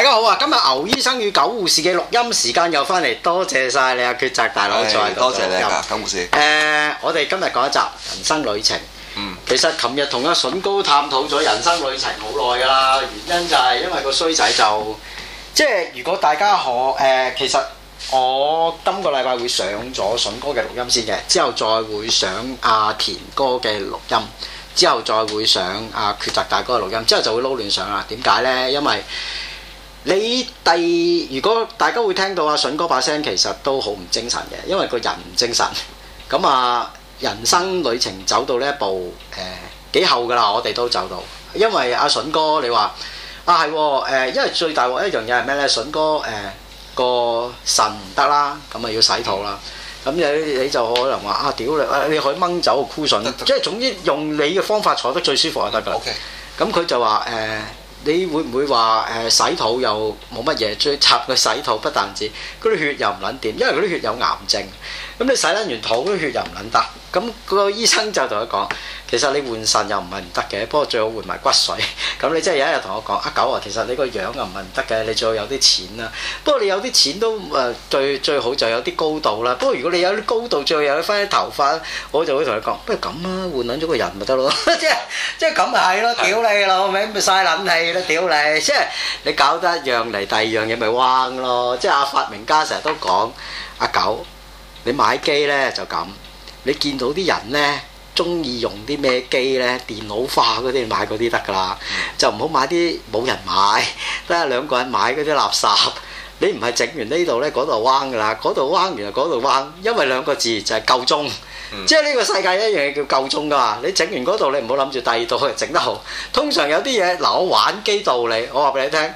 大家好啊！今日牛醫生與狗護士嘅錄音時間又翻嚟，多謝晒你啊，抉擇大佬再、哎、多謝你啊！狗護士誒、呃，我哋今日講一集人生旅程。嗯，其實琴日同阿笋哥探討咗人生旅程好耐噶啦。原因就係因為個衰仔就即係如果大家可誒、呃，其實我今個禮拜會上咗笋哥嘅錄音先嘅，之後再會上阿、啊、田哥嘅錄音，之後再會上阿抉擇大哥嘅錄音，之後就會撈亂上啦。點解呢？因為你第如果大家會聽到阿筍哥把聲，其實都好唔精神嘅，因為個人唔精神。咁啊，人生旅程走到呢一步，誒幾後㗎啦，我哋都走到。因為阿筍哥你話啊係誒，因為最大鑊一樣嘢係咩咧？筍哥誒個腎唔得啦，咁啊要洗肚啦。咁你你就可能話啊屌你，你可以掹走個箍筍，即係總之用你嘅方法坐得最舒服就得㗎喇。咁佢就話誒。你會唔會話誒、呃、洗肚又冇乜嘢？最插佢洗肚不但止，嗰啲血又唔撚掂，因為嗰啲血有癌症。咁你洗撚完，肚血又唔撚得。咁個醫生就同佢講：，其實你換腎又唔係唔得嘅，不過最好換埋骨髓。咁你真係有一日同我講：，阿狗啊，其實你個樣又唔係唔得嘅，你最好有啲錢啦。不過你有啲錢都誒最最好就有啲高度啦。不過如果你有啲高度，最好有翻啲頭髮，我就會同佢講：，不如咁啊，換撚咗個人咪得咯。即係即係咁咪係咯，屌是的 你老味，咪嘥撚氣咯，屌你！即係你搞得一樣嚟，第二樣嘢咪彎咯。即係阿發明家成日都講阿狗。啊狗你買機呢就咁，你見到啲人呢鍾意用啲咩機呢，電腦化嗰啲買嗰啲得㗎啦，就唔好買啲冇人買，得兩個人買嗰啲垃圾。你唔係整完呢度呢，嗰度彎㗎啦，嗰度彎完又嗰度彎，因為兩個字就係夠鐘。即係呢個世界一樣嘢叫夠鐘㗎，你整完嗰度你唔好諗住第二度整得好。通常有啲嘢嗱，我玩機道理，我話俾你聽，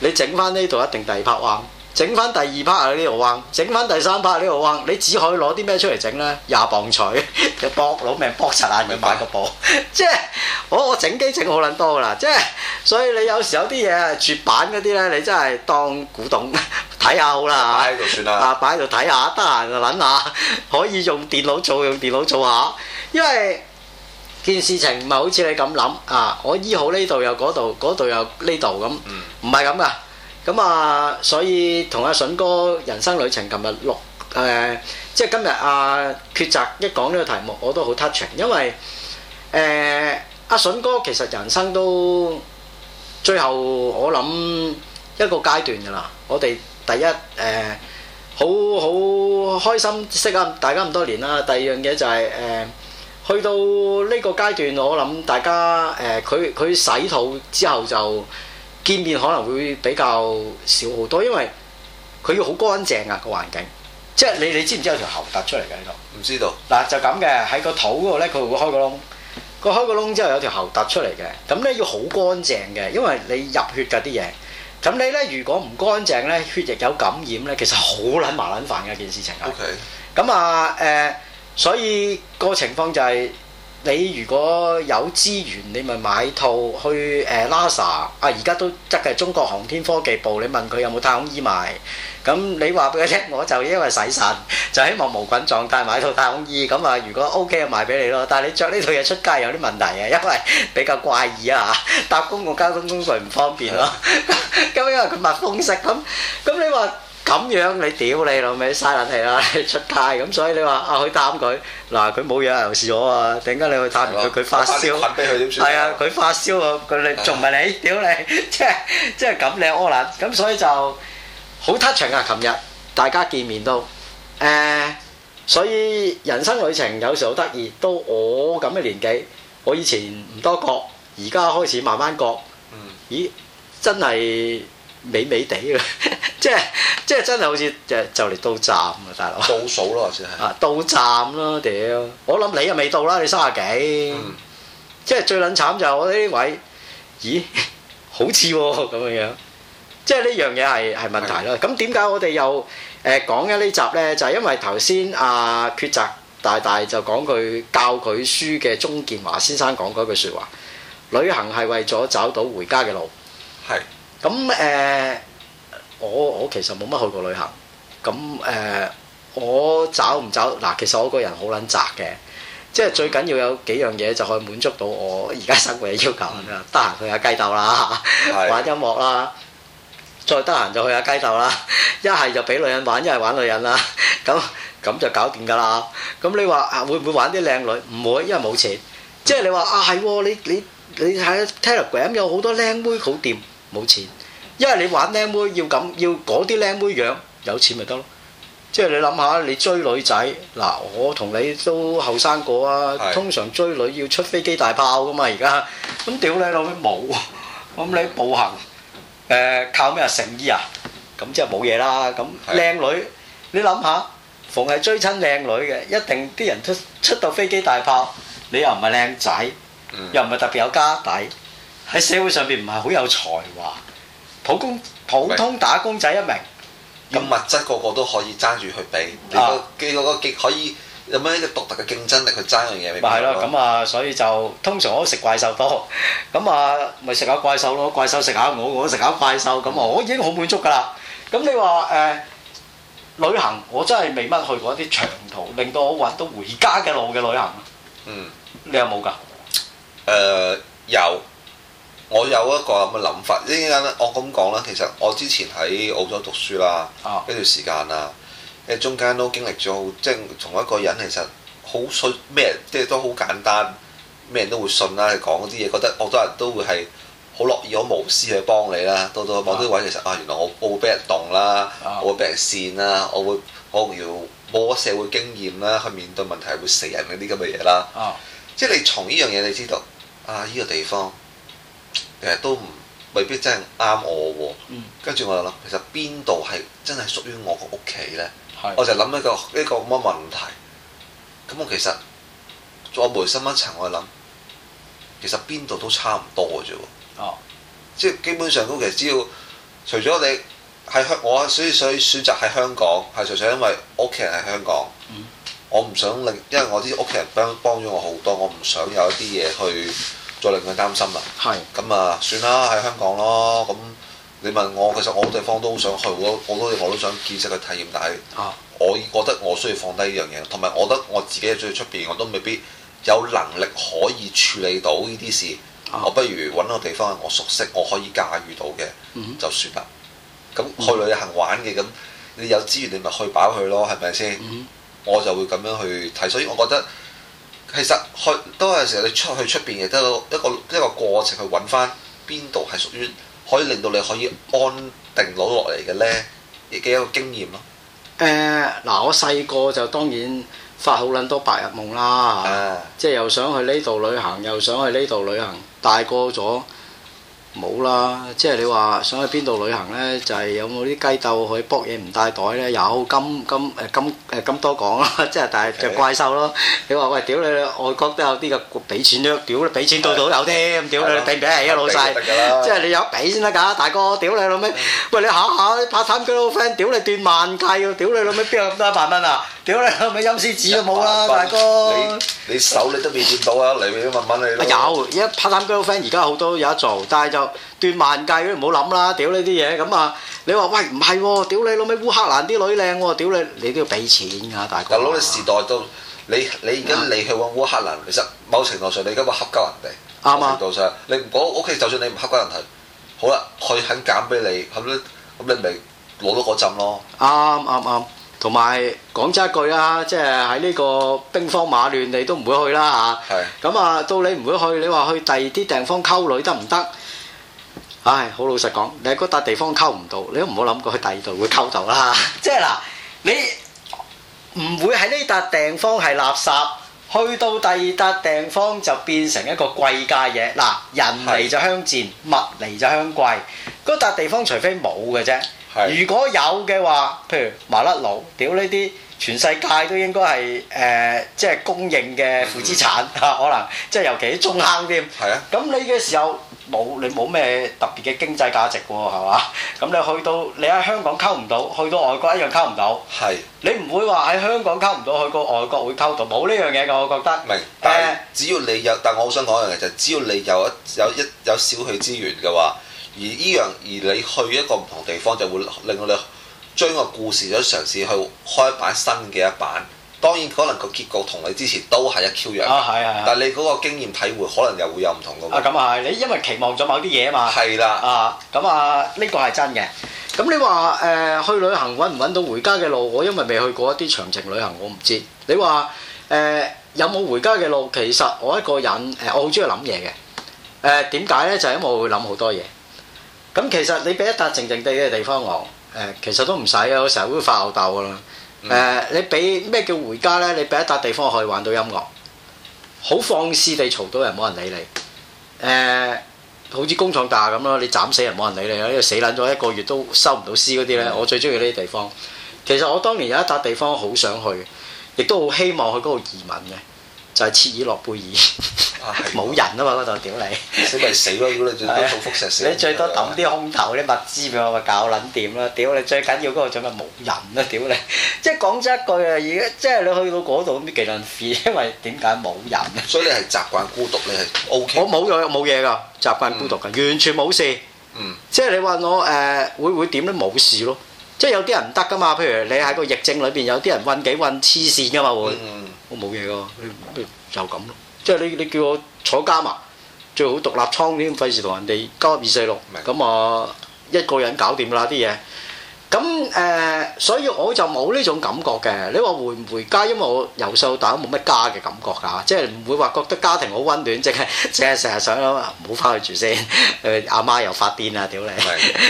你整返呢度一定第二拍彎。整翻第二 part 喺呢度彎，整翻第三 part 喺呢度彎，你只可以攞啲咩出嚟整呢？廿磅錘，就 搏老命搏柒眼佢買個保。 即係我我整機整好撚多噶啦，即係所以你有時候有啲嘢絕版嗰啲呢，你真係當古董睇下 好啦。擺喺度算啦。啊，擺喺度睇下，得閒就撚下，可以用電腦做，用電腦做下，因為件事情唔係好似你咁諗啊！我醫好呢度又嗰度，嗰度又呢度咁，唔係咁噶。咁啊、嗯，所以同阿筍哥人生旅程，琴日錄誒，即係今日阿、啊、抉擇一講呢個題目，我都好 touch 因為誒阿、呃啊、筍哥其實人生都最後我諗一個階段㗎啦。我哋第一誒好好開心識啊大家咁多年啦。第二樣嘢就係、是、誒、呃、去到呢個階段，我諗大家誒佢佢洗肚之後就。見面可能會比較少好多，因為佢要好乾淨啊個環境，即係你你知唔知有條喉突出嚟嘅呢度，唔知道，嗱就咁嘅喺個肚嗰度咧，佢會開個窿，個開個窿之後有條喉突出嚟嘅，咁咧要好乾淨嘅，因為你入血㗎啲嘢，咁你咧如果唔乾淨咧，血液有感染咧，其實好撚麻撚煩嘅一件事情㗎。OK，咁啊誒，所以個情況就係。你如果有資源，你咪買套去 NASA 啊！而家都即係中國航天科技部，你問佢有冇太空衣賣？咁你話俾佢聽，我就因為洗滌，就希望無菌狀態買套太空衣。咁啊，如果 OK 就賣俾你咯。但係你着呢套嘢出街有啲問題啊，因為比較怪異啊，搭公共交通工具唔方便咯。咁 因為佢密封式，咁咁你話？咁樣你屌你老味，嘥冷氣啦，出街咁，所以你話啊去探佢嗱佢冇嘢又試咗啊，突然間你去探完佢，佢發燒，係啊佢發燒啊，佢你仲唔係你屌你，即係即係咁你柯南咁，所以就好 touching 啊，琴日大家見面都誒，所以人生旅程有時候得意，到我咁嘅年紀，我以前唔多覺，而家開始慢慢覺，咦真係～美美地啊！ 即係即係真係好似就嚟到站啊！大佬倒數咯，算係啊！到站咯，屌！我諗你又未到啦，你三十幾？嗯、即係最撚慘就我呢位，咦？好似喎咁嘅樣，即係呢樣嘢係係問題咯。咁點解我哋又誒講嘅呢集呢？就係、是、因為頭先阿抉擇大大就講佢教佢書嘅鍾健華先生講嗰句説話：旅行係為咗找到回家嘅路。係。咁誒、呃，我我其實冇乜去過旅行。咁誒、呃，我找唔找嗱？其實我個人好撚宅嘅，即係最緊要有幾樣嘢就可以滿足到我而家生活嘅要求，得閒、嗯、去下雞鬥啦，是玩音樂啦，再得閒就去下雞鬥啦。一係就俾女人玩，一係玩女人啦。咁咁就搞掂㗎啦。咁你話會唔會玩啲靚女？唔會，因為冇錢。即係你話啊，係喎，你你你睇 Telegram 有好多靚妹好掂。冇錢，因為你玩靚妹要咁，要嗰啲靚妹樣，有錢咪得咯。即係你諗下，你追女仔嗱，我同你都後生過啊。通常追女要出飛機大炮噶嘛，而家咁屌你老味冇，咁你步行誒靠咩啊誠意啊？咁即係冇嘢啦。咁靚女，你諗下，逢係追親靚女嘅，一定啲人出出到飛機大炮，你又唔係靚仔，又唔係特別有家底，喺社會上邊唔係好有才華，普工普通打工仔一名。咁喂、嗯、物質個個都可以爭住去比，啊、你個你個個極可以有咩一個獨特嘅競爭力去爭樣嘢？咪係咯，咁啊，所以就通常我都食怪獸多，咁啊，咪食下怪獸咯，怪獸食下我，我食下怪獸，咁、嗯、我已經好滿足㗎啦。咁、啊、你話誒、呃、旅行，我真係未乜去過一啲長途，令到我搵到回家嘅路嘅旅行。嗯，你有冇㗎？誒有、嗯。我有一個咁嘅諗法，點解咧？我咁講啦，其實我之前喺澳洲讀書啦，uh, 一段時間啦，即係中間都經歷咗，好。即係從一個人其實好信咩，即係、就是、都好簡單，咩人都會信啦，你講嗰啲嘢，覺得好多人都會係好樂意、好無私去幫你啦。到到某啲位，uh, 其實啊，原來我會俾人動啦，我會俾人騙啦、uh, 我會我唔要冇咗社會經驗啦，去面對問題會死人嗰啲咁嘅嘢啦。即係、uh, 你從呢樣嘢，你知道啊，呢、這個地方。其實都唔未必真係啱我喎，跟住、嗯、我又諗，其實邊度係真係屬於我個屋企呢？的我就諗一個一個乜問題，咁我其實再回深一層我，我諗其實邊度都差唔多嘅啫喎。啊、即係基本上都其實只要除咗你喺香，我所以所以選擇喺香港係除咗因為屋企人喺香港。香港嗯、我唔想令，因為我啲屋企人幫幫咗我好多，我唔想有一啲嘢去。再令佢擔心啦，咁啊是算啦喺香港咯，咁你問我，其實我地方都好想去，我好多嘢我都想見識去體驗，但係我覺得我需要放低呢樣嘢，同埋我覺得我自己喺最出邊我都未必有能力可以處理到呢啲事，我不如揾個地方係我熟悉，我可以駕馭到嘅，就算啦。咁、嗯、去旅行玩嘅，咁你有資源你咪去飽佢咯，係咪先？嗯、我就會咁樣去睇，所以我覺得。其實去多嘅時候，你出去出邊嘅都一個一個過程去揾翻邊度係屬於可以令到你可以安定攞落嚟嘅咧，嘅一個經驗咯。誒，嗱，我細個就當然發好撚多白日夢啦，啊、即係又想去呢度旅行，又想去呢度旅行，大個咗。冇啦，即係你話想去邊度旅行呢？就係有冇啲雞竇去卜嘢唔帶袋呢？有咁咁誒咁多講啦，即係但係就怪獸咯。你話喂，屌你，外國都有啲嘅，俾錢喐屌你，俾錢到到有啲，咁屌你俾唔俾啊？老細，即係你有俾先得㗎，大哥，屌你老味，喂，你下下拍產佢老 friend 屌你斷萬界，屌你老味，邊有咁多一百蚊啊？屌你老味陰司紙都冇啦，萬大哥你！你手你都未掂到啊！嚟 問問你有而家 partner girlfriend 而家好多有得做，但係就斷萬界嗰啲唔好諗啦！屌你啲嘢咁啊！你話喂唔係喎？屌你老味烏克蘭啲女靚喎！屌你你都要俾錢㗎，大佬，大哥你時代到， 你你而家你去揾烏克蘭，其實某程度上你而家啊，恰鳩人哋。啱啊。某程度上，你唔講屋企就算你唔恰鳩人哋，好啦，佢肯揀俾你，咁咁你咪攞到嗰陣咯。啱啱啱。同埋講真一句啦，即係喺呢個兵荒馬亂，你都唔會去啦嚇。咁是的 啊，到你唔會去，你話去第二啲地方溝女得唔得？唉，好老實講，你喺嗰笪地方溝唔到，你都唔好諗過去第二度會溝到啦。即係嗱，你唔會喺呢笪地方係垃圾，去到第二笪地方就變成一個貴價嘢。嗱，人嚟就香賤，是的 物嚟就香貴。嗰笪地方除非冇嘅啫。是如果有嘅話，譬如麻甩佬屌呢啲，全世界都應該係誒、呃，即係公認嘅負資產吓， 可能即係尤其啲中坑添。係啊，咁你嘅時候冇，你冇咩特別嘅經濟價值喎，係嘛？咁你去到你喺香港溝唔到，去到外國一樣溝唔到。係。是的 你唔會話喺香港溝唔到，去到外國會溝到，冇呢樣嘢嘅，我覺得。明。誒、呃，只要你有，但我好想講一樣嘢，就係只要你有一有一有少許資源嘅話。而呢樣，而你去一個唔同地方，就會令到你將個故事想嘗試去開一版新嘅一版。當然可能個結局同你之前都係一 Q 樣，啊啊、但係你嗰個經驗體會可能又會有唔同咁。啊，咁啊，你因為期望咗某啲嘢啊嘛。係啦，啊咁啊，呢、啊啊呢個係真嘅。咁你話誒、呃、去旅行揾唔揾到回家嘅路？我因為未去過一啲長程旅行，我唔知。你話誒、呃、有冇回家嘅路？其實我一個人誒，我好中意諗嘢嘅。誒點解咧？就係、是、因為我會諗好多嘢。咁其實你俾一笪靜靜地嘅地方我，誒其實都唔使、嗯、啊，我成日會發吽哣噶啦。誒你俾咩叫回家呢？你俾一笪地方可以玩到音樂，好放肆地嘈到人冇人理你。誒、啊，好似工廠大廈咁咯，你斬死人冇人理你啊！呢個死撚咗一個月都收唔到屍嗰啲呢。嗯、我最中意呢啲地方。其實我當年有一笪地方好想去，亦都好希望去嗰度移民嘅。就係切爾諾貝爾， 冇人啊嘛嗰度，屌你死死對，死咪死咯，屌你，最多好複雜死，啊、你最多抌啲空投啲物資俾我咪搞撚掂啦，啊、屌你最緊要嗰個最咪冇人咯，屌你，即係講真一句啊，而家即係你去到嗰度咁啲奇論因為點解冇人、啊？所以你係習慣孤獨，你係 O K。我冇嘢，冇嘢噶，習慣孤獨嘅，嗯、完全冇事、嗯說說。即係你話我誒會唔會點咧？冇事咯。即係有啲人唔得噶嘛，譬如你喺個疫症裏邊，有啲人混幾混黐線噶嘛會。嗯嗯嗯。我冇嘢噶，你，就咁咯。即係你，你叫我坐監嘛，最好獨立倉啲，費事同人哋交二四六。咁啊，一個人搞掂啦啲嘢。咁誒，所以我就冇呢種感覺嘅。你話回唔回家？因為我由細到大都冇乜家嘅感覺㗎，即係唔會話覺得家庭好温暖，淨係，淨係成日想諗唔好翻去住先。誒，阿媽又發癲啦，屌你！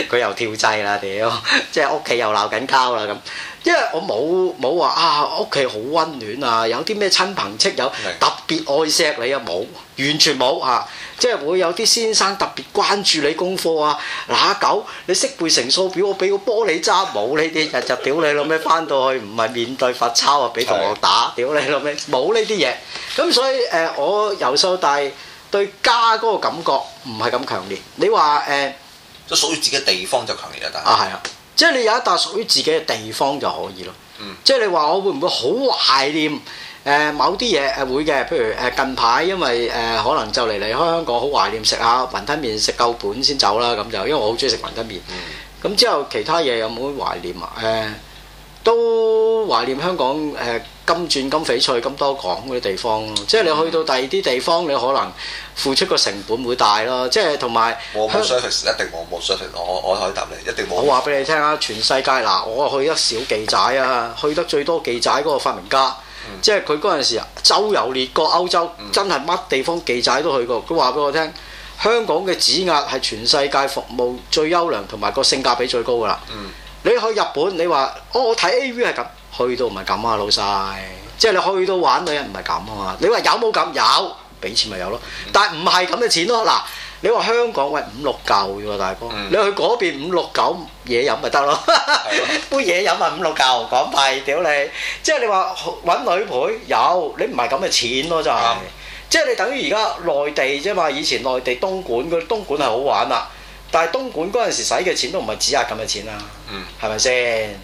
佢又跳掣啦，屌！即係屋企又鬧緊交啦咁。因為我冇冇話啊屋企好温暖啊，有啲咩親朋戚友特別愛錫你啊冇是的，完全冇啊！即係會有啲先生特別關注你功課啊，那狗你識背乘數表，我俾個玻璃渣，冇呢啲，日日屌你老咩？返到去唔係面對罰抄啊，俾同學打是的 屌你老咩？冇呢啲嘢。咁所以誒、呃，我由細到大對家嗰個感覺唔係咁強烈。你話誒，就屬於自己地方就強烈啊，但係的啊。啊啊啊即係你有一笪屬於自己嘅地方就可以咯。嗯、即係你話我會唔會好懷念誒、呃、某啲嘢？誒會嘅，譬如誒近排因為誒、呃、可能就嚟離開香港，好懷念食下雲吞麵，食夠本先走啦咁就。因為我好中意食雲吞麵。咁、嗯、之後其他嘢有冇啲懷念啊？誒、嗯。嗯都懷念香港誒金鑽金翡翠咁多港嘅地方，嗯、即係你去到第二啲地方，你可能付出個成本會大咯，即係同埋我冇一定冇，冇 surface 我我可以答你，一定冇。我話俾你聽啊，全世界嗱，我去得少記仔啊，去得最多記仔嗰個發明家，嗯、即係佢嗰陣時啊周遊列國歐洲，嗯、真係乜地方記仔都去過。佢話俾我聽，香港嘅指壓係全世界服務最優良同埋個性價比最高㗎啦。嗯你去日本，你話、哦、我睇 AV 係咁，去到唔係咁啊，老細，即係你去到玩女人唔係咁啊嘛。你話有冇咁？有，俾錢咪有咯。但係唔係咁嘅錢咯。嗱，你話香港喂五六嚿啫喎，大哥。嗯、你去嗰邊五六嚿嘢飲咪得咯，嗯、 杯嘢飲咪、啊、五六嚿，港幣屌你！即係你話揾女陪有，你唔係咁嘅錢咯就係。嗯、即係你等於而家內地啫嘛，以前內地東莞，東莞係好玩啊。嗯但係東莞嗰陣時使嘅錢都唔係指壓咁嘅錢啦，係咪先？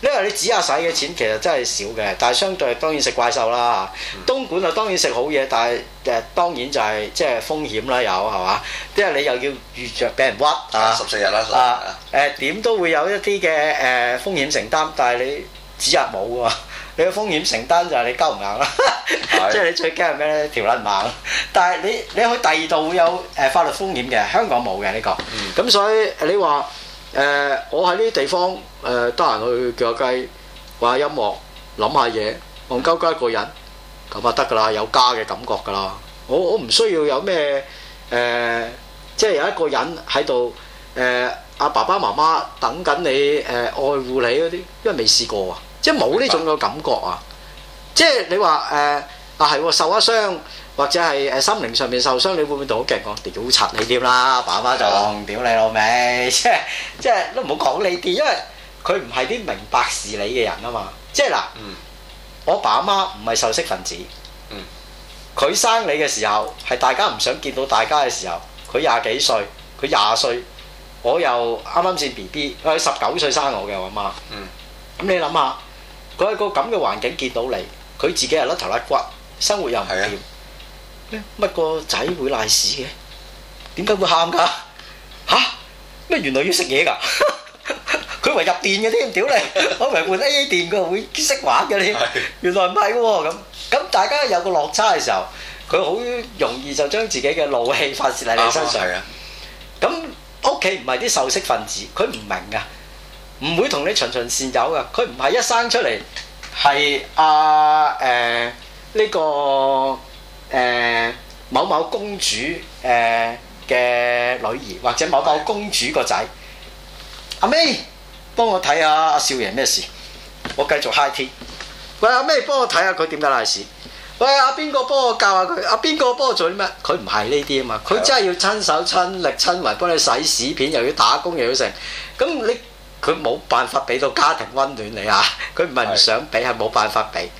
因為你指壓使嘅錢其實真係少嘅，但係相對當然食怪獸啦。嗯、東莞啊當然食好嘢，但係誒、呃、當然就係即係風險啦有係嘛？因為、就是、你又要預着俾人屈啊十四日啦啊誒點、啊呃、都會有一啲嘅誒風險承擔，但係你指壓冇㗎喎。嗯你個風險承擔就係你交唔硬啦，即係你最驚係咩咧？條律唔硬，但係你你去第二度會有誒法律風險嘅，香港冇嘅呢個。咁、嗯、所以你話誒、呃，我喺呢啲地方誒得閒去叫下雞，玩音樂下音樂，諗下嘢，唔鳩鳩一個人，咁啊得㗎啦，有家嘅感覺㗎啦。我我唔需要有咩誒、呃，即係有一個人喺度誒，阿、呃啊、爸爸媽媽等緊你誒、呃，愛護你嗰啲，因為未試過啊。即係冇呢種個感覺白、呃、啊！即係你話誒啊係受咗傷或者係誒心靈上面受傷，你會唔會同我講屌柒你點啦？爸媽就屌你老味，的即係即係都唔好講你啲，因為佢唔係啲明白事理嘅人啊嘛！即係嗱，嗯、我爸阿媽唔係受識分子，佢、嗯、生你嘅時候係大家唔想見到大家嘅時候，佢廿幾歲，佢廿歲，我又啱啱先 B B，佢十九歲生我嘅我媽媽。咁你諗下？嗯佢喺個咁嘅環境見到你，佢自己又甩頭甩骨，生活又唔掂，乜個仔會賴屎嘅？點解會喊㗎？嚇乜原來要食嘢㗎？佢以為入電嘅添，屌你，我以為換 A A 電佢會識玩嘅添，原來唔係喎咁。咁大家有個落差嘅時候，佢好容易就將自己嘅怒氣發泄喺你身上呀。咁屋企唔係啲受識分子，佢唔明㗎。唔會同你循循善誘㗎，佢唔係一生出嚟係阿誒呢個誒、呃、某某公主誒嘅、呃、女兒，或者某某公主個仔。阿、啊、May，幫我睇下阿少爺咩事？我繼續嗨 tea。喂，阿 May，幫我睇下佢點解瀨屎。喂，阿邊個幫我教下佢？阿、啊、邊個幫我做啲咩？佢唔係呢啲啊嘛，佢真係要親手親力親為幫你洗屎片，又要打工，又要成。咁你？佢冇辦法俾到家庭溫暖你啊，佢唔係唔想俾，係冇辦法俾。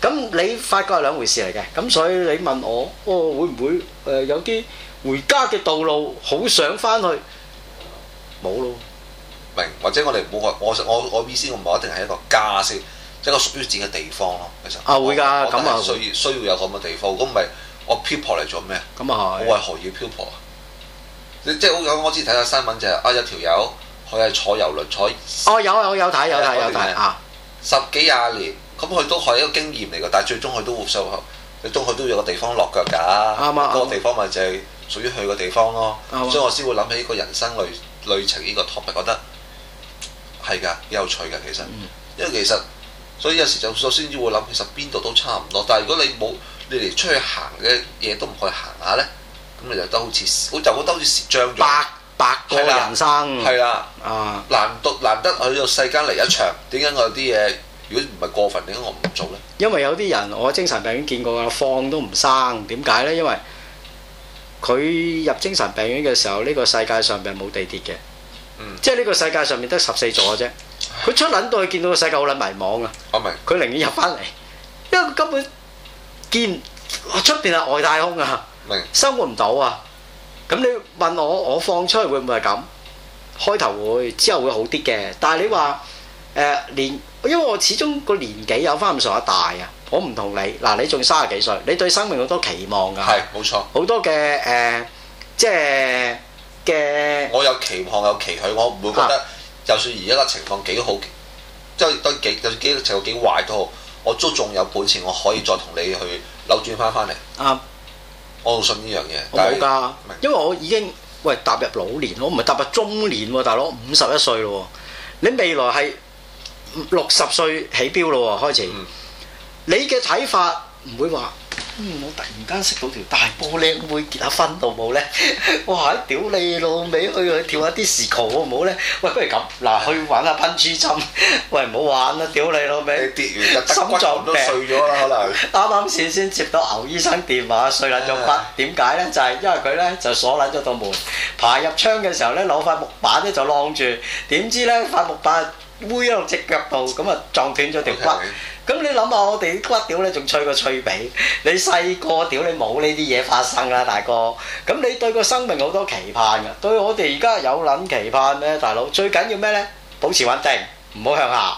咁你發覺係兩回事嚟嘅，咁所以你問我，哦會唔會誒有啲回家嘅道路好想翻去？冇咯。明或者我哋冇個我我我意思，我唔係一定係一個家先，即係、一個屬於自己嘅地方咯，其實。啊會㗎，咁啊。所以、啊、需要有咁嘅地方，咁咪我漂泊嚟做咩啊？咁啊、即係。我為何要漂泊啊？你即係好似我之前睇下新聞一就係、係、啊，有條友。我係坐遊輪，坐哦有啊，我有睇有睇有睇啊！十幾廿年咁，佢都係一個經驗嚟嘅。但係最終佢都會收，最終佢都會有個地方落腳㗎。啱啊！嗰、啊、個地方咪就係屬於佢嘅地方咯，啊啊、所以我先會諗起呢個人生旅旅程呢個 topic 覺得係㗎，幾有趣㗎其實。嗯、因為其實所以有時就首先會諗，其實邊度都差唔多。但係如果你冇你連出去行嘅嘢都唔去行下咧，咁你就得好似我就覺得好似蝕張咗。百個人生，係啦，啊，難得難得佢到世間嚟一場，點解我有啲嘢，如果唔係過分，點解我唔做呢？因為有啲人我精神病院見過啊，放都唔生，點解呢？因為佢入精神病院嘅時候，呢個世界上面冇地鐵嘅，嗯，即係呢個世界上面得十四座嘅啫。佢出撚到去見到個世界好撚迷茫啊！哦，我明，佢寧願入翻嚟，因為根本見出邊係外太空啊，明生活唔到啊。咁你問我，我放出去會唔會係咁？開頭會，之後會好啲嘅。但係你話誒年，因為我始終個年紀有翻咁上下大啊，我唔同你嗱，你仲三十幾歲，你對生命好多期望㗎、啊。係，冇錯。好多嘅誒、呃，即係嘅。呃、我有期望，有期許，我唔會覺得，啊、就算而家個情況幾好，即係都幾，就算幾個情況幾壞都好，我都仲有本錢，我可以再同你去扭轉翻翻嚟。啱、啊。我信呢樣嘢，我冇㗎，但因為我已經喂踏入老年，我唔係踏入中年喎，大佬，五十一歲咯，你未來係六十歲起標咯喎，開始，嗯、你嘅睇法唔會話。嗯，我突然間食到條大波靚妹結下婚到冇咧，哇！屌你老味去去跳下啲時光好唔好咧？喂，不如咁，嗱，去揾下噴豬針，喂，唔好玩啦！屌你老味，心臟病都碎咗啦，可能啱啱先先接到牛醫生電話，碎啦咗筆，點解咧？就係、是、因為佢咧就鎖撚咗道門，爬入窗嘅時候咧攞塊木板咧就擋住，點知咧塊木板？攰喺度隻腳度，咁啊撞斷咗條骨。咁 Okay. 你諗下，我哋啲骨屌咧，仲脆過脆皮。你細個屌你冇呢啲嘢發生啦，大哥。咁你對個生命好多期盼㗎。對我哋而家有諗期盼咩，大佬？最緊要咩呢？保持穩定，唔好向下。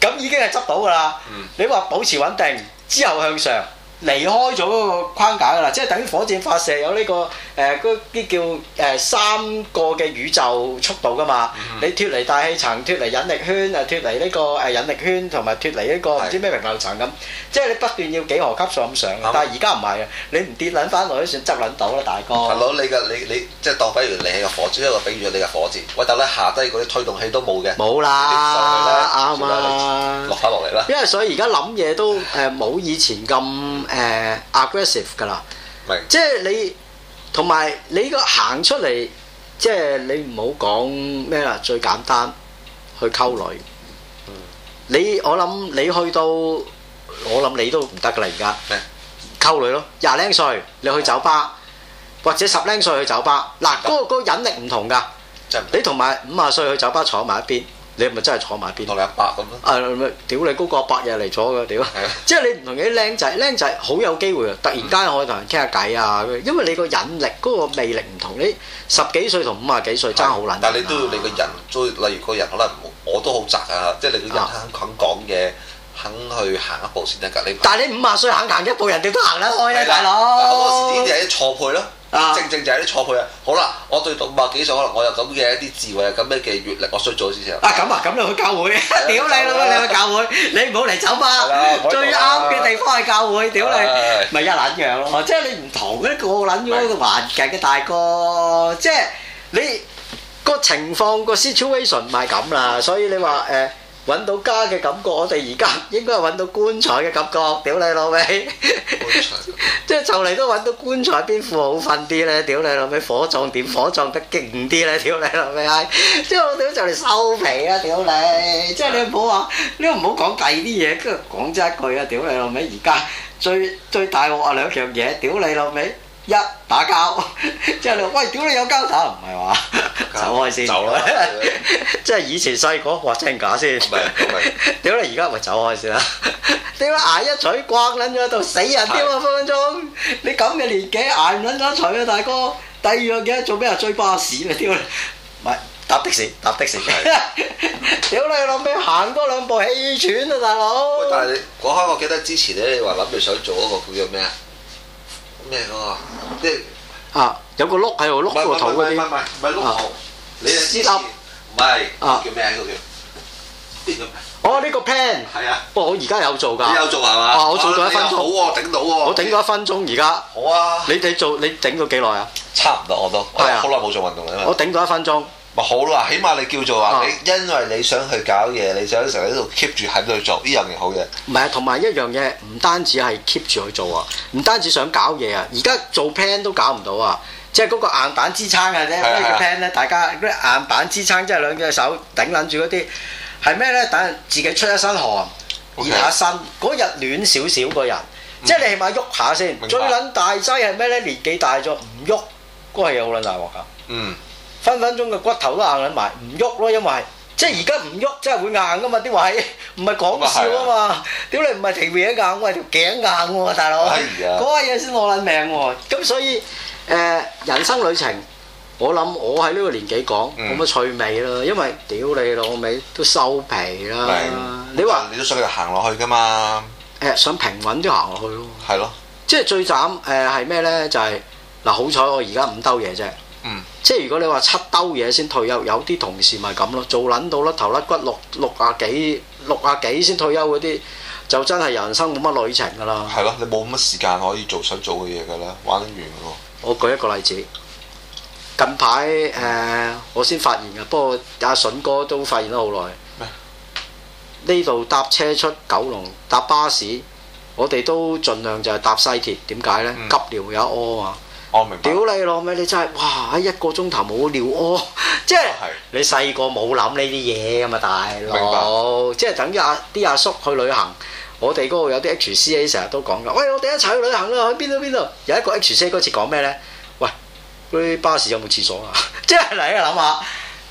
咁已經係執到㗎啦。你話保持穩定之後向上。離開咗嗰個框架㗎啦，即係等於火箭發射有呢、呢個誒嗰啲叫誒、呃、三個嘅宇宙速度㗎嘛。Mm hmm. 你脫離大氣層、脫離引力圈啊、脫離呢、呢個誒、呃、引力圈同埋脫離呢個唔知咩平流層咁，的即係你不斷要幾何級數咁上。的但係而家唔係嘅，你唔跌撚翻落去算執撚到啦，大哥。係佬，你嘅你你，你即係當比如你係個火箭，我俾咗你嘅火箭。喂，但係下低嗰啲推動器都冇嘅。冇啦，啱嘛，落翻落嚟啦。因為所以而家諗嘢都誒冇以前咁。 誒、uh, aggressive 㗎啦的，即係你同埋你個行出嚟，即係你唔好講咩啦，最簡單去溝女。你我諗你去到，我諗你都唔得㗎啦，而家。溝女咯，廿零歲你去酒吧，或者十零歲去酒吧，嗱嗰的、嗰個嗰個引力唔同㗎。的你同埋五十歲去酒吧坐埋一邊。你係咪真係坐埋邊？啊那個、坐嚟阿伯咁咯。誒、那、屌你嗰個阿伯又嚟坐嘅屌！即係你唔同你啲靚仔，靚仔好有機會啊！突然間可以同人傾下偈啊！ 因為你個引力、嗰、那個魅力唔同，你十幾歲同五十幾歲真係好撚。但係你都要你個人，即、啊、例如個人可能我都好宅啊，即係你個人肯講嘅。啊啊肯去行一步先得，㗎你但係你五啊歲肯行一步，人哋都行得開啊，大佬。好多時啲就係啲錯配咯，正正就係啲錯配啊。好啦，我對到五啊幾歲，可能我有咁嘅一啲智慧，有咁嘅嘅閲歷，我衰咗先成。啊咁啊，咁你去教會，屌你啦，你去教會，你唔好嚟酒吧。最啱嘅地方係教會，屌你，咪一撚樣咯。即係你唔同嗰啲個撚樣嘅環境嘅大哥，即係你個情況個 situation 唔係咁啦，所以你話誒。揾到家嘅感覺，我哋而家應該係揾到棺材嘅感覺，屌你老味！即係 就嚟都揾到棺材，邊副好瞓啲呢？屌你老味，火葬點？火葬得勁啲呢？屌你老味，即係我屌就嚟收皮啦！屌你，即係 你唔好話，你唔好講第二啲嘢，跟住講真一句啊！屌你老味，而家最最大鑊啊兩樣嘢，屌你老味！一打交，即係你話，喂，屌你有交頭唔係話？走開先，走啦！即係以前細個話真假先？唔係，屌你而家咪走開先啦！屌你捱一錘，刮撚咗度死人添啊！分是分鐘，你咁嘅年紀捱撚咗一錘啊，大哥！第二樣嘢做咩啊？追巴士啊！屌你，唔係搭的士，搭的士。是屌你諗咩？行多兩步氣喘啊，大佬！但係講開，我記得之前咧，你話諗住想做一個嗰個叫做咩啊？嗰個咩嗰個即係啊，有個轆喺度，轆嗰個肚嗰啲啊，你黐心唔係啊叫咩呢個叫？哦，呢個 plan 係啊，不過我而家有做㗎，有做係嘛？啊，我做咗一分鐘，好喎，頂到喎，我頂咗一分鐘而家。好啊，你你做你頂咗幾耐啊？差唔多我都好耐冇做運動啦，因為我頂咗一分鐘。好啦，起碼你叫做話，你、嗯、因為你想去搞嘢，你想成日喺度 keep 住喺度做呢樣嘢好嘢。唔係啊，同埋一樣嘢，唔單止係 keep 住去做啊，唔單止想搞嘢啊。而家做 plan 都搞唔到啊，即係嗰個硬板支撐嘅啫。plan 咧，大家是的 硬板支撐，即係兩隻手頂撚住嗰啲，係咩咧？等自己出一身汗，Okay. 熱下身，嗰日暖少少個人，嗯、即係你起碼喐下先。白最撚大劑係咩咧？年紀大咗唔喐，嗰係有好撚大鑊噶。嗯。分分鐘嘅骨頭都硬撚埋，唔喐咯，因為即係而家唔喐，真係會硬噶嘛！啲位唔係講笑啊嘛？屌你唔係頸硬，我係條頸硬喎，大佬。係啊。嗰下嘢先攞撚命喎，咁所以誒人生旅程，我諗我喺呢個年紀講冇乜趣味啦，因為屌你老味都收皮啦。你話你都想繼續行落去㗎嘛？誒，想平穩啲行落去咯。係咯。即係最慘誒係咩咧？就係嗱，好彩我而家唔兜嘢啫。嗯、即係如果你話七兜嘢先退休，有啲同事咪咁咯，做撚到甩頭甩骨六六廿幾六廿幾先退休嗰啲，就真係人生冇乜旅程噶啦。係咯，你冇乜時間可以做想做嘅嘢㗎啦，玩完㗎喎。我舉一個例子，近排、呃、我先發現嘅，不過阿筍哥都發現咗好耐。咩？呢度搭車出九龍搭巴士，我哋都盡量就係搭西鐵，點解呢？嗯、急尿有一屙啊屌你老味，你真係哇！一個鐘頭冇尿屙，即係、啊、你細個冇諗呢啲嘢咁嘛，大佬！明白即係等於啲阿，阿叔去旅行，我哋嗰度有啲 H C A 成日都講㗎。喂，我哋一齊去旅行啦，去邊度邊度？有一個 H C A 嗰次講咩呢？喂，嗰啲巴士有冇廁所啊？ 即係你一個諗下，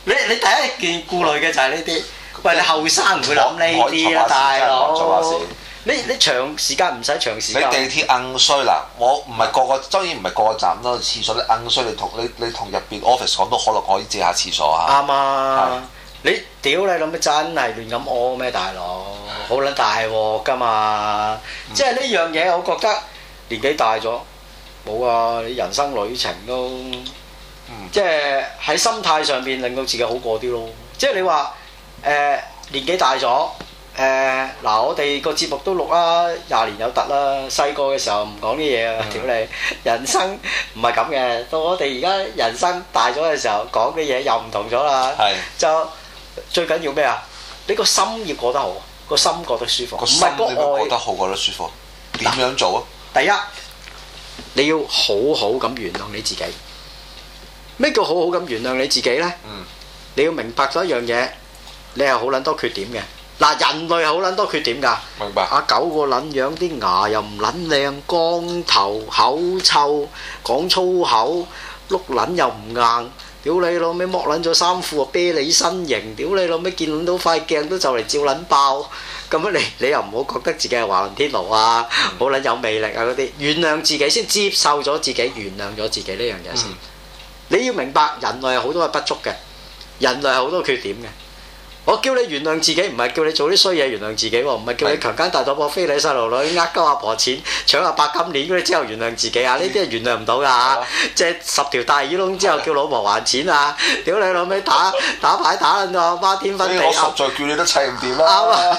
你想想你，你第一件顧慮嘅就係呢啲。喂，你後生唔會諗呢啲啊，大佬。你你長時間唔使長時間，你地鐵硬衰啦！我唔係個個，當然唔係個個站咯。廁所你硬衰，你同你你同入邊 office 講到可能，可以借下廁所、嗯、啊！啱啊！你屌你諗咩？真係亂咁屙咩？大佬好撚大鑊㗎嘛！嗯、即係呢樣嘢，我覺得年紀大咗冇啊！你人生旅程都、嗯、即係喺心態上邊令到自己好過啲咯。即係你話誒、呃、年紀大咗。誒嗱、呃，我哋個節目都錄啦，廿年有突啦。細個嘅時候唔講啲嘢啊，屌你！Mm hmm. 人生唔係咁嘅。到我哋而家人生大咗嘅時候，講嘅嘢又唔同咗啦。係、mm hmm. 就最緊要咩啊？你個心要過得好，個心過得舒服。個心點樣過得好，過得舒服？點樣做啊？第一，你要好好咁原諒你自己。咩叫好好咁原諒你自己呢？Mm hmm. 你要明白咗一樣嘢，你係好撚多缺點嘅。嗱，人類好撚多缺點㗎。明白。阿、啊、狗個撚樣，啲牙又唔撚靚，光頭口臭，講粗口，碌撚又唔硬。屌你老味，剝撚咗衫褲啊，啤你身形。屌你老味，見撚到塊鏡都就嚟照撚爆。咁啊，你你又唔好覺得自己係華倫天奴啊，好撚、嗯、有魅力啊嗰啲，原諒自己先，接受咗自己，原諒咗自己呢樣嘢先。嗯、你要明白，人類好多係不足嘅，人類係好多缺點嘅。我叫你原諒自己，唔係叫你做啲衰嘢原諒自己，唔係叫你強奸大肚婆、非禮細路女、呃鳩阿婆錢、搶阿伯金鏈嗰啲之後原諒自己啊！呢啲係原諒唔到㗎，即係、嗯、十條大耳窿之後叫老婆還錢、嗯、啊！屌、嗯、你老味打打牌打到阿媽、媽天昏地暗，我實在叫你都砌唔掂啊，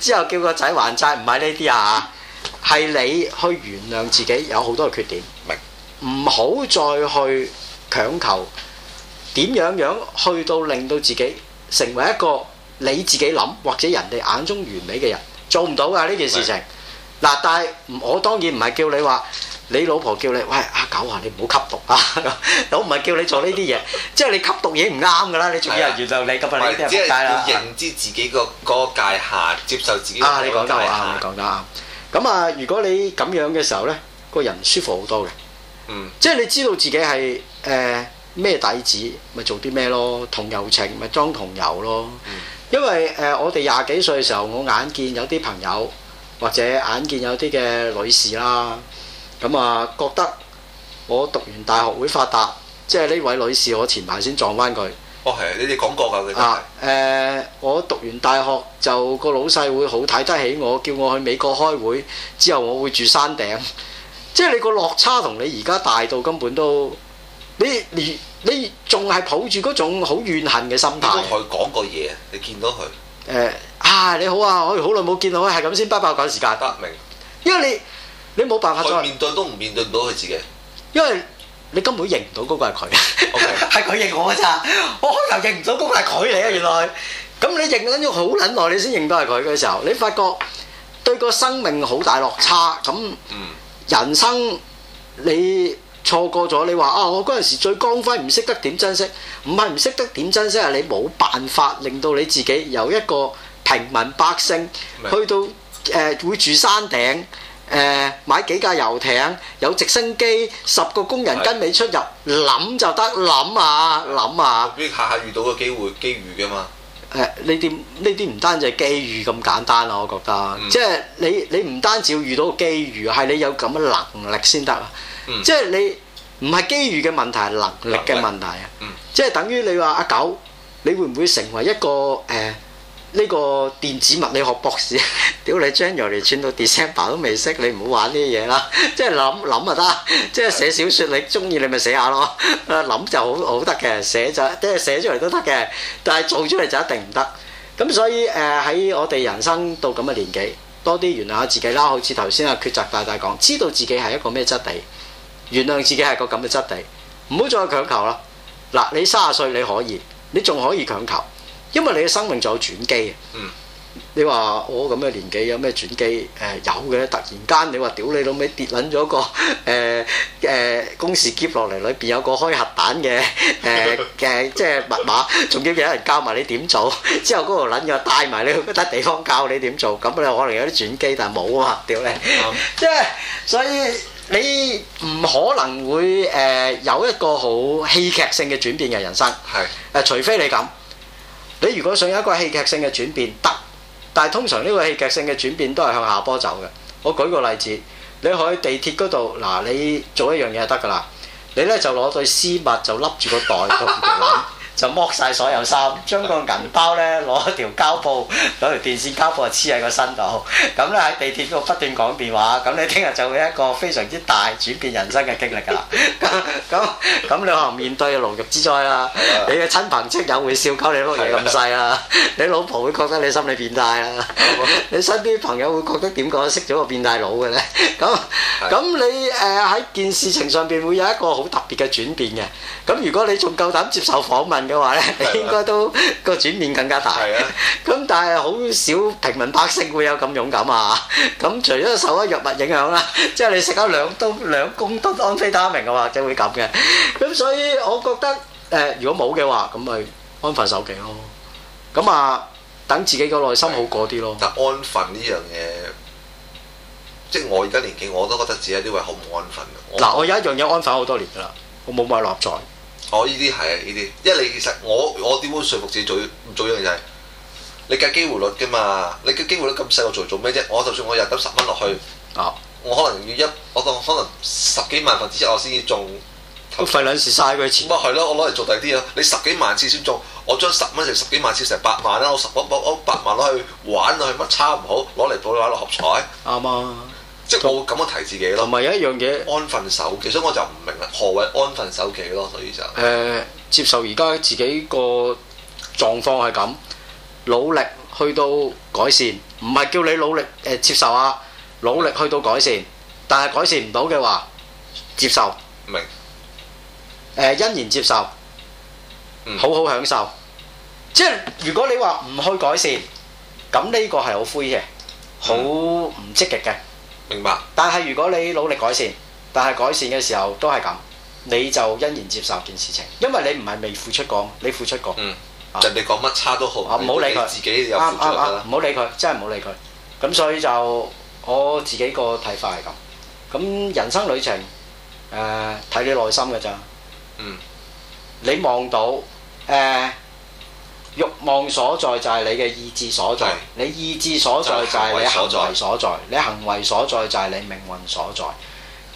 之後叫個仔還債唔係呢啲啊，係你去原諒自己有好多嘅缺點，唔好白再去強求點樣樣去到令到自己。成為一個你自己諗或者人哋眼中完美嘅人，做唔到㗎呢件事情。嗱的、啊，但係我當然唔係叫你話你老婆叫你喂阿狗啊，搞你唔好吸毒啊。呵呵都唔係叫你做呢啲嘢， 即係你吸毒已經唔啱㗎啦。你仲要人原諒你㗎嘛，的你聽唔得啦。認知自己個個界下、嗯、接受自己。啊，你講得啱，你講得啱。咁啊，如果你咁樣嘅時候咧，個人舒服好多嘅。嗯。即係你知道自己係誒。咩底子，咪做啲咩咯？同友情咪裝同游咯。嗯、因為誒、呃，我哋廿幾歲嘅時候，我眼見有啲朋友或者眼見有啲嘅女士啦，咁、嗯、啊、嗯嗯、覺得我讀完大學會發達，即係呢位女士，我前排先撞返佢。哦，係，你哋講過㗎。啊，誒、呃，我讀完大學就個老細會好睇得起我，叫我去美國開會，之後我會住山頂。即係你個落差同你而家大到根本都，根本都。你你仲係抱住嗰種好怨恨嘅心態。佢講個嘢，你見到佢。誒、呃，啊你好啊，我哋好耐冇見到，係咁先拜拜趕時間。得明，因為你你冇辦法再面對都唔面對到佢自己，因為你根本認唔到嗰個係佢，係佢 Okay. 認我㗎咋？我開頭認唔到嗰個係佢嚟啊，Okay. 原來。咁你認撚咗好撚耐，你先認到係佢嘅時候，你發覺對個生命好大落差。咁人生、嗯、你。錯過咗，你話啊，我嗰陣時最光輝，唔識得點珍惜，唔係唔識得點珍惜，係你冇辦法令到你自己由一個平民百姓白去到誒、呃、會住山頂，誒、呃、買幾架遊艇，有直升機，十個工人跟你出入，諗是就得諗啊諗啊，下下遇到個機會機遇㗎嘛？誒呢啲呢啲唔單止係機遇咁簡單啊，我覺得，嗯、即係你你唔單止要遇到機遇，係你有咁嘅能力先得啊。即係你唔係機遇嘅問題，係能力嘅問題力啊！即係等於你話阿狗，你會唔會成為一個誒呢、呃這個電子物理學博士？屌 你 January 轉到 December 都未識，你唔好玩呢啲嘢啦！即係諗諗啊得，即係寫小説你中意你咪寫下咯。諗 就好好得嘅，寫就即係寫出嚟都得嘅，但係做出嚟就一定唔得。咁所以誒喺、呃、我哋人生到咁嘅年紀，多啲原諒下自己啦。好似頭先阿決擲大大講，知道自己係一個咩質地。原諒自己係個咁嘅質地，唔好再強求啦。嗱，你三十歲你可以，你仲可以強求，因為你嘅生命仲有轉機嘅。嗯。你話我咁嘅年紀有咩轉機？誒有嘅，突然間你話屌你老尾跌撚咗個誒誒公事喼落嚟，裏邊有個開核彈嘅誒嘅，即係密碼，仲要有人教埋你點做。之後嗰個撚嘢帶埋你去笪地方教你點做，咁你可能有啲轉機，但係冇啊！屌你，即係所以。你唔可能會誒有一個好戲劇性嘅轉變嘅人生，係誒除非你咁。你如果想有一個戲劇性嘅轉變，得，但係通常呢個戲劇性嘅轉變都係向下坡走嘅。我舉個例子，你去地鐵嗰度，嗱你做一樣嘢就得㗎啦，你呢就攞對絲襪就笠住個袋。就剝曬所有衫，將個銀包呢攞條膠布，攞條電線膠布啊黐喺個身度。咁咧喺地鐵度不斷講電話。咁你聽日就會一個非常之大轉變人生嘅經歷㗎啦。咁咁你可能面對牢獄之災啦。你嘅親朋戚友會笑：溝你碌嘢咁細啦！你老婆會覺得你心理變態啦。你身邊朋友會覺得點講？識咗個變態佬㗎咧。咁咁你誒喺件事情上邊會有一個好特別嘅轉變嘅。咁如果你仲夠膽接受訪問嘅話咧，的應該都個轉變更加大。咁的 但係好少平民百姓會有咁勇敢啊！咁、 嗯、除咗受咗藥物影響啦，即 係你食咗兩多兩公多安非他命嘅話就會咁嘅。咁、 嗯、所以我覺得誒、呃，如果冇嘅話，咁咪安分守己咯。咁啊，等自己個內心好過啲咯。但安分呢樣嘢，即係我而家年紀，我都覺得自己都會好唔安分。嗱，我有一樣嘢安分好多年噶啦，我冇買六合彩。我呢啲係啊，依啲、哦，因為你其實我我點樣說服自己做唔做呢樣嘢？你計機會率嘅嘛，你嘅機會率咁細，我做做咩啫？我就算我日得十蚊落去，啊、我可能要一，我當可能十幾萬分之一我、啊啊，我先至中。咁費兩時嘥佢錢。咁啊係咯，我攞嚟做第啲啊！你十幾萬次先中，我將十蚊成十幾萬次成八萬啦，我十百我百萬攞去玩落去，乜差唔好攞嚟賭下六合彩。啱啊！啊即係我會咁樣提自己咯，同埋有一樣嘢安分守己，所以我就唔明啦，何為安分守己咯？所以就誒接受而家自己個狀況係咁，努力去到改善，唔係叫你努力誒接受啊，努力去到改善，但係改善唔到嘅話，接受，明，誒欣然接受，好好享受。即係如果你話唔去改善，咁呢個係好灰嘅，好唔積極嘅。明白。但係如果你努力改善，但係改善嘅時候都係咁，你就欣然接受件事情，因為你唔係未付出過，你付出過。嗯。人哋講乜差都好，唔好理佢。自己有付出得啦。唔好理佢，真係唔好理佢。咁所以就我自己個睇法係咁。咁人生旅程，誒睇你內心㗎咋。嗯。你望到，誒。.欲望所在就係你嘅意志所在，對你意志所在就係你行為所在，行所在你行為所在就係你命運所在。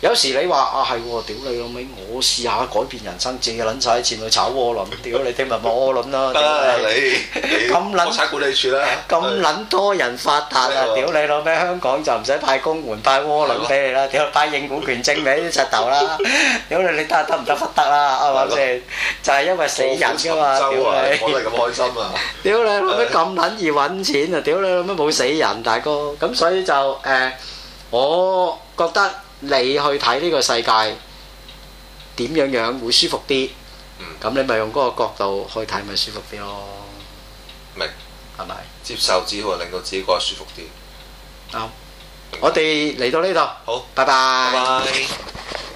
有時你話啊係喎，屌你老味，我試下改變人生，淨係撚曬錢去炒窩輪，屌你聽日冇窩輪啦！屌你咁撚曬管理處啦，咁撚多人發達啊！屌你老味，香港就唔使派公援派窩輪俾你啦，屌派認股權證俾啲石頭啦，屌你你得得唔得不得啦，係嘛先？就係因為死人㗎嘛，屌你！我哋咁開心啊！屌你老味咁撚易揾錢啊！屌你老味冇死人，大哥咁，所以就誒，我覺得。你去睇呢個世界點樣樣會舒服啲，咁、嗯、你咪用嗰個角度去睇咪舒服啲咯。明係白咪？是是接受之後令到自己過得舒服啲，我哋嚟到呢度，好，拜拜白。